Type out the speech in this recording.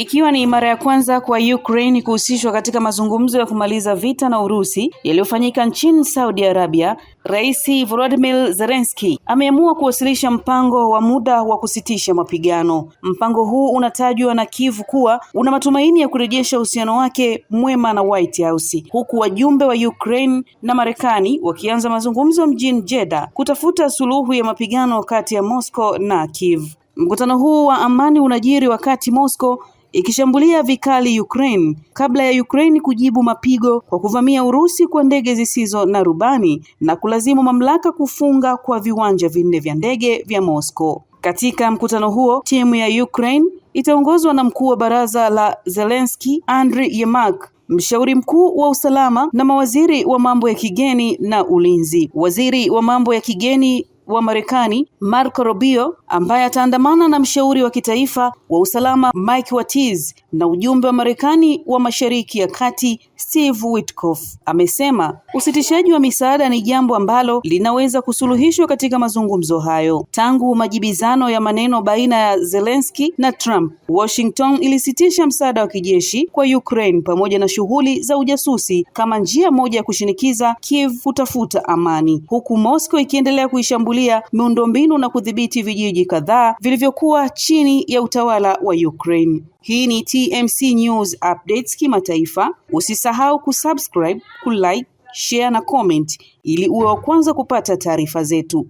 Ikiwa ni mara ya kwanza kwa Ukraine kuhusishwa katika mazungumzo ya kumaliza vita na Urusi yaliyofanyika nchini Saudi Arabia, Rais Volodymyr Zelensky ameamua kuwasilisha mpango wa muda wa kusitisha mapigano. Mpango huu unatajwa na Kiev kuwa una matumaini ya kurejesha uhusiano wake mwema na White House, huku wajumbe wa Ukraine na Marekani wakianza mazungumzo mjini Jeddah kutafuta suluhu ya mapigano kati ya Moscow na Kiev. Mkutano huu wa amani unajiri wakati Moscow ikishambulia vikali Ukraine kabla ya Ukraine kujibu mapigo kwa kuvamia Urusi kwa ndege zisizo na rubani na kulazimu mamlaka kufunga kwa viwanja vinne vya ndege vya Moscow. Katika mkutano huo, timu ya Ukraine itaongozwa na mkuu wa baraza la Zelensky, Andriy Yermak, mshauri mkuu wa usalama na mawaziri wa mambo ya kigeni na ulinzi. Waziri wa mambo ya kigeni wa Marekani Marco Rubio ambaye ataandamana na mshauri wa kitaifa wa usalama Mike Watiz na ujumbe wa Marekani wa Mashariki ya Kati Steve Witkoff amesema usitishaji wa misaada ni jambo ambalo linaweza kusuluhishwa katika mazungumzo hayo. Tangu majibizano ya maneno baina ya Zelensky na Trump, Washington ilisitisha msaada wa kijeshi kwa Ukraine pamoja na shughuli za ujasusi kama njia moja ya kushinikiza Kiev kutafuta amani, huku Moscow ikiendelea kuishambulia kushambulia miundombinu na kudhibiti vijiji kadhaa vilivyokuwa chini ya utawala wa Ukraine. Hii ni TMC News Updates kimataifa. Usisahau kusubscribe, kulike, share na comment ili uwe wa kwanza kupata taarifa zetu.